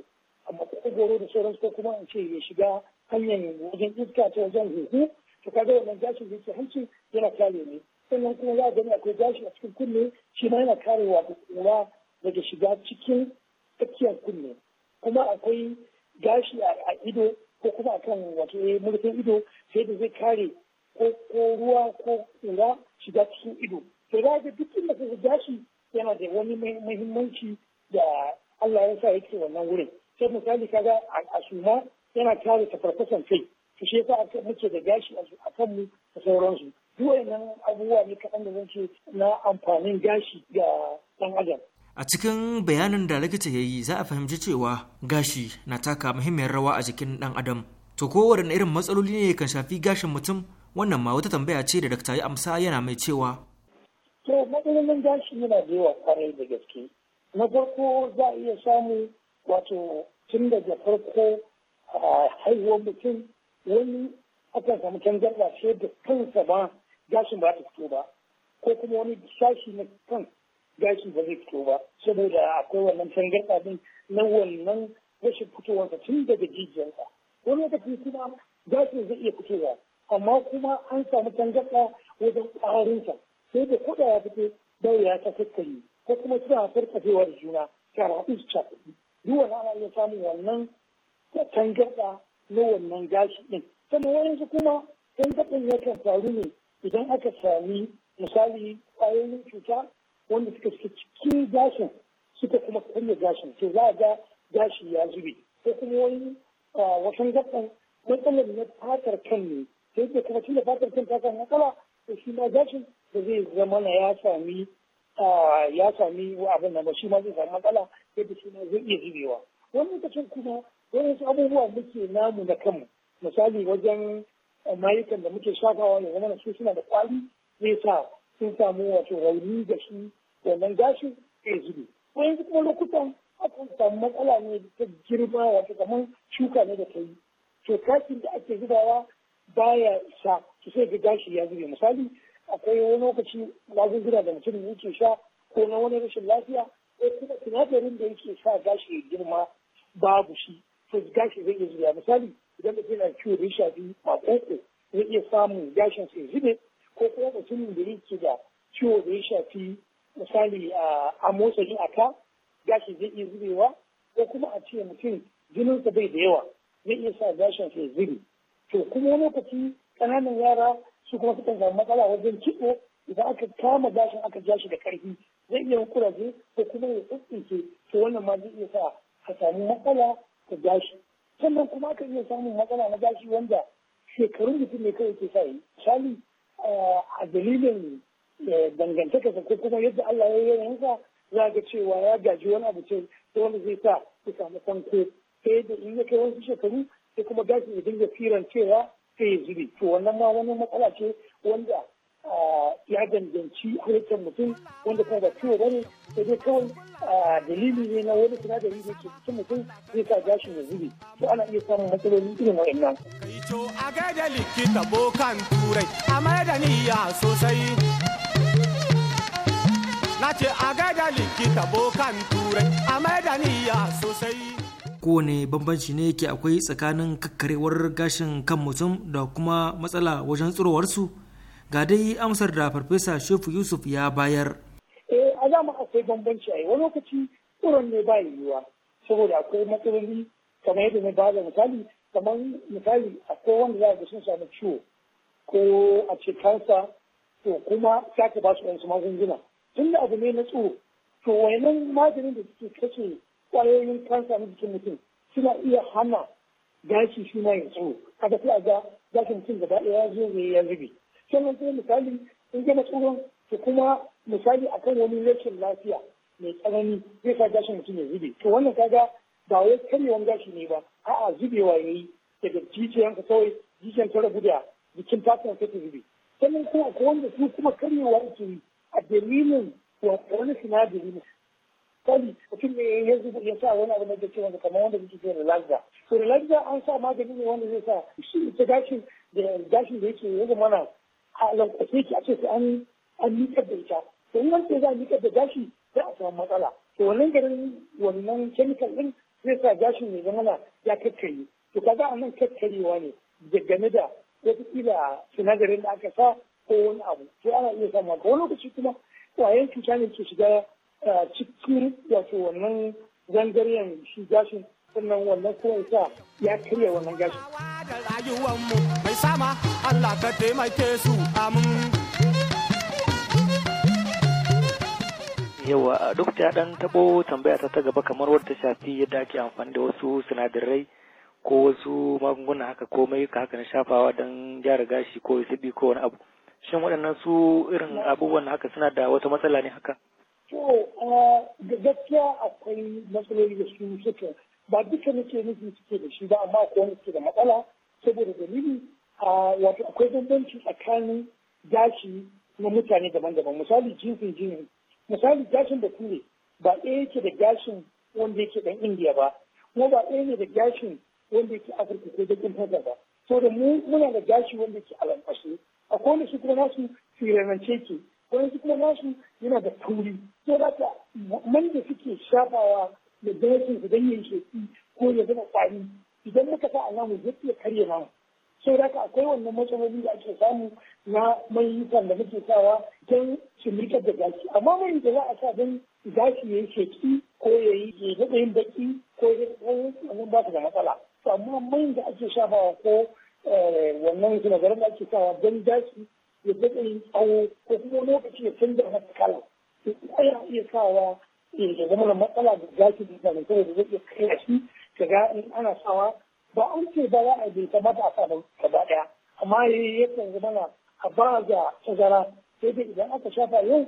makogoro da sauransu ko kuma in ce ya shiga hanyar wajen iska ta wajen huhu to kaga wannan gashin da ke hanci yana kare ne sannan kuma za a gani akwai gashi a cikin kunne shi ma yana kare wa kura daga shiga cikin tsakiyar kunne kuma akwai gashi a ido ko kuma akan wato eh, murfin ido sai da zai kare ko ruwa ko kura shiga cikin ido to za ga duk inda gashi yana da wani muhimmanci da Allah ya sa yake wannan wurin sai misali kaga a suma yana kare farfasan kai su shi yasa muke da gashi a kan mu da sauransu duk wayannan abubuwa ne kaɗan da zan ce na amfanin gashi ga ɗan adam a cikin bayanin da likita ya yi za a fahimci cewa gashi na taka muhimmiyar rawa a jikin ɗan adam to kowane irin matsaloli ne kan shafi gashin mutum wannan ma wata tambaya ce da dakta amsa yana mai cewa to matsalolin gashi yana da yawa kwarai da gaske na farko za a iya samu wato tun daga farko A haihuwar mutum wani akan samu tangarda sai da kansa ba gashin ba ta fito ba ko kuma wani sashi na kan gashi ba zai fito ba saboda akwai wannan tangarda din na wannan rashin fitowarsa tun daga jijiyarsa wani lokaci kuma gashin zai iya fitowa amma kuma an samu da wajen ƙwarinsa sai da kuɗa ya fito dawo ya ta kakkari ko kuma suna farfafewar juna ta raɗu su cakuɗi duk wani ana iya samun wannan ta tangarɗa na wannan gashi ɗin sannan wayansu kuma tangarɗin yakan faru ne idan aka sami misali ƙwayoyin cuta wanda suka suke cikin gashin suka kuma karya gashin to za a ga gashi ya zube ko kuma wani wasan gaban matsalar na fatar kan ne sai ke kuma tunda fatar kan ta samu matsala to shi ma gashin da zai zama na ya sami ya sami abin nan ba shi ma zai samu matsala yadda shi ma zai iya zubewa wani lokacin kuma don abubuwa muke namu na kanmu misali wajen mayukan da muke shafawa ya zama su suna da kwali zai sa sun samu wato rauni da shi wannan gashi zai zube ko yanzu kuma lokutan akan samu matsala ne ta girma wato kamar shuka ne da ta yi to kafin da ake zubawa baya isa su sai ga gashi ya zube misali akwai wani lokaci magunguna da mutum yake sha ko na wani rashin lafiya ko kuma sinadarin da yake sa gashi ya girma babu shi sai gashi zai iya zuwa misali idan mutum yana ciwo da ya shafi makoko zai iya samun gashin sai zube ko kuma mutumin da yake da ciwo da ya shafi misali a motsa ji aka gashi zai iya zubewa ko kuma a ce mutum jininsa bai da yawa zai iya sa gashin sai zube to kuma wani lokaci ƙananan yara su kuma sukan samu matsala wajen kiɗo idan aka kama gashin aka ja shi da ƙarfi zai iya kuraje ko kuma ya tsintsince to wannan ma zai iya sa a samu matsala ka gashi sannan kuma ka iya samun matsala na gashi wanda shekarun mutum ne kawai ke sa yi misali eh, a dalilin eh, dangantaka ko kuma yadda Allah ya yi yansa za ga cewa ya gaji wani abu ce wanda zai sa ya samu sanko sai yadda in ya kai wasu shekaru sai kuma gashi ya dinga firan cewa sai ya zube to wannan ma wani matsala ce wanda ya danganci halittar mutum wanda kuma ba ciwo ba ne sai dai kawai dalili ne na wani sinadari da ke cikin mutum zai sa gashi mai zube to ana iya samun matsaloli irin wa'annan. to a gaida likita bokan turai a mai da niyya sosai na ce a gaida likita bokan turai a mai da niyya sosai kowane bambanci ne ke akwai tsakanin kakkarewar gashin kan mutum da kuma matsala wajen tsirowarsu? su ga dai amsar da farfesa shefu yusuf ya bayar eh a mu akwai bambanci a yi wani lokaci tsoron ne ba yiwuwa saboda akwai matsaloli kamar yadda na bada misali kamar misali akwai wanda za a sun samu ciwo ko a ce kansa to kuma sake ba su wasu magunguna tun da abu ne na tsoro to wayannan maganin da suke kashe kwayoyin kansa na jikin mutum suna iya hana gashi shi ma ya tsoro kada sai a ga gashin mutum gaba ɗaya ya zo ya zube sannan kuma misali in gama tsoron to kuma misali akan wani rashin lafiya mai tsanani zai sa gashin mutum ya zube to wannan kaga ba wai karyewan gashi ne ba a'a zubewa ya yi daga jijiyanka kawai jijiyan ta rabu da jikin tasirin sai ta zube sannan kuma ko wanda su kuma karyewa ake yi a dalilin wani sinadari kali mutum ne ya zuba ya sa wani abu na da ciwon kamar wanda muke ce lalza. to lalza an sa magani ne wanda zai sa shi ita gashin da gashin da yake yanzu mana a lankwashe ki a ce sai an an miƙar da ita to in wanda za a da gashi za a samu matsala to wannan garin wannan chemical din zai sa gashin ne zama ya tattare to kaga a nan tattarewa ne game da wata kila sinadarin da aka sa ko wani abu to ana iya samu haka wani lokaci kuma ƙwayan cuta ne ke shiga cikin wato wannan zangaren shi gashin sannan wannan kuma ya karya wannan gashin. rayuwanmu mai sama Allah ka taimake su amin. Yawa duk da ɗan taɓo tambaya ta ta gaba kamar wadda shafi yadda ake amfani da wasu sinadarai ko wasu magunguna haka ko ka haka na shafawa don gyara gashi ko sibi ko wani abu. Shin waɗannan su irin abubuwan haka suna da wata matsala ne haka? To, da gaskiya akwai matsaloli da su suke ba duka nake nufin suke da shi ba amma akwai wani suke da matsala saboda dalili a wato akwai bambanci tsakanin gashi na mutane daban-daban misali jinsin jini misali gashin da kure ba ɗaya yake da gashin wanda yake ɗan indiya ba kuma ba ɗaya ne da gashin wanda yake afirka ko dakin fata ba da mu muna da gashi wanda yake alamfashe akwai wanda su kuma nasu firanance ke wani su kuma nasu yana da tauri so da ka man da suke shafawa da gashin su don yin sheki ko ya zama kwari idan muka sa a namu zai iya karya sai da akwai wannan matsaloli da ake samu na mayukan da muke sawa don cimrikar da gashi amma mai da za a sa don gashi ya yi sheki ko ya yi daɗa yin baki ko ya yi wannan ba su da matsala to amma mai da ake shafawa ko eh, wannan sinadaran da ake sawa don gashi ya daɗa yin tsawo ko kuma lokaci ya canza masa kala ana iya sawa ya zama matsala da gashi da mutane saboda zai iya kai shi kaga in ana sawa ba an ce ba za a bai kamata a sa gaba daya amma yakan zama na a ba da tazara sai dai idan aka shafa yau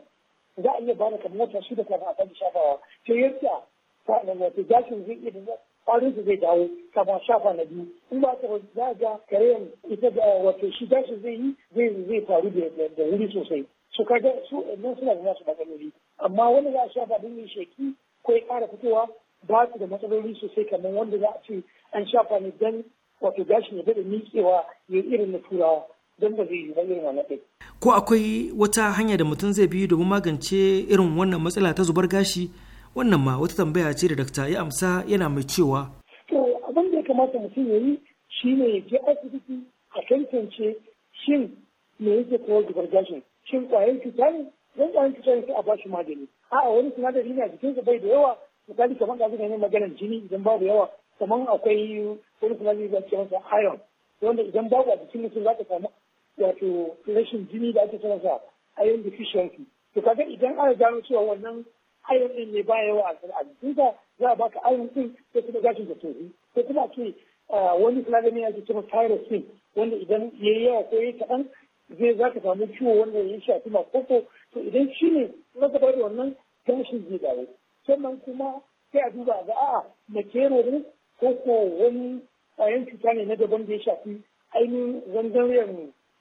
za a iya ba da kamar wata shida kafin a sake shafawa sai yadda sa'an wato gashin zai iya da kwarin su zai dawo kafin shafa na biyu in ba ka za a ga karen ita da wato shi gashin zai yi zai zai faru da wuri sosai su kaga su nan suna da nasu matsaloli amma wani za a shafa don yin sheki ko ya ƙara fitowa ba su da matsaloli sosai kamar wanda za a ce an shafa ne don wato gashi ya bada miƙewa ya irin na turawa don ba zai yi ba irin wani ɗin. Ko akwai wata hanya da mutum zai bi domin magance irin wannan matsala ta zubar gashi? Wannan ma wata tambaya ce da dakta ya amsa yana mai cewa. To abin da ya kamata mutum ya yi shi ne ya je asibiti a tantance shin me yake kawar zubar gashin shin ƙwayar cuta ne? Don ƙwayar cuta ne a ba shi magani. A'a wani sinadari ne a jikinsa bai da yawa misali kamar da suka ne maganar jini idan babu yawa kamar akwai wani kuma zai zai masa iron wanda idan babu a cikin mutum za ka samu wato rashin jini da ake cewa sa iron deficiency to kaga idan ana gano cewa wannan iron din ne baya yawa a jikinka za a baka iron din ko kuma gashin da tozi ko kuma ce wani sinadari ya ce cewa din wanda idan ya yi yawa ko ya yi kaɗan zai za ka samu ciwo wanda ya shafi makoko to idan shi ne na gaba da wannan gashin zai dawo sannan kuma sai a duba ga a'a ah, kero ne ko ko wani ƙwayan cuta ne na daban da ya shafi ainihin zangariyar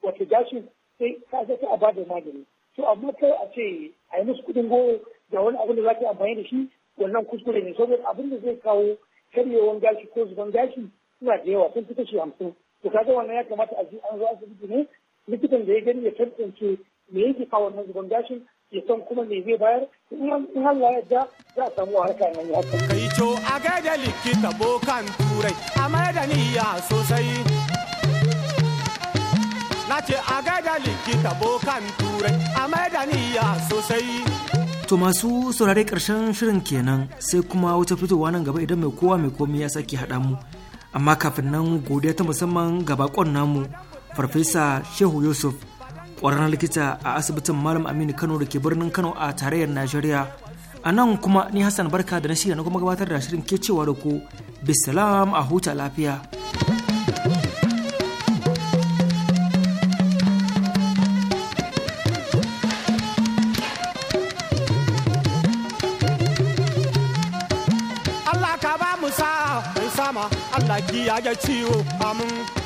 wata gashin sai ka ga ta a bada magani to amma kai a ce a yi musu kuɗin goro da wani abin da za ka amfani da shi wannan kuskure ne saboda abin da zai kawo karyewan gashi ko zuban gashi suna da yawa sun fi kashi hamsin to kaga wannan ya kamata a ji an zo asibiti ne likitan da ya gani ya tantance me yake kawo wannan zuban gashin ya kuma ne zai bayar in Allah ya ja za a samu harka nan ya kai to a gaida likita bokan turai a mai da niyya sosai na ce a gaida likita bokan turai a mai da niyya sosai To masu saurare ƙarshen shirin kenan sai kuma wata fitowa nan gaba idan mai kowa mai komi ya sake haɗa mu. Amma kafin nan godiya ta musamman ga namu Farfesa Shehu Yusuf ƙwararren likita a asibitin malam aminu kano da ke birnin kano a tarayyar najeriya a nan kuma ni hassan barka da na shirya na kuma gabatar da shirin ke cewa da ku bisalam a huta lafiya Allah ka ba mu sama Allah kiyaye ciwo amin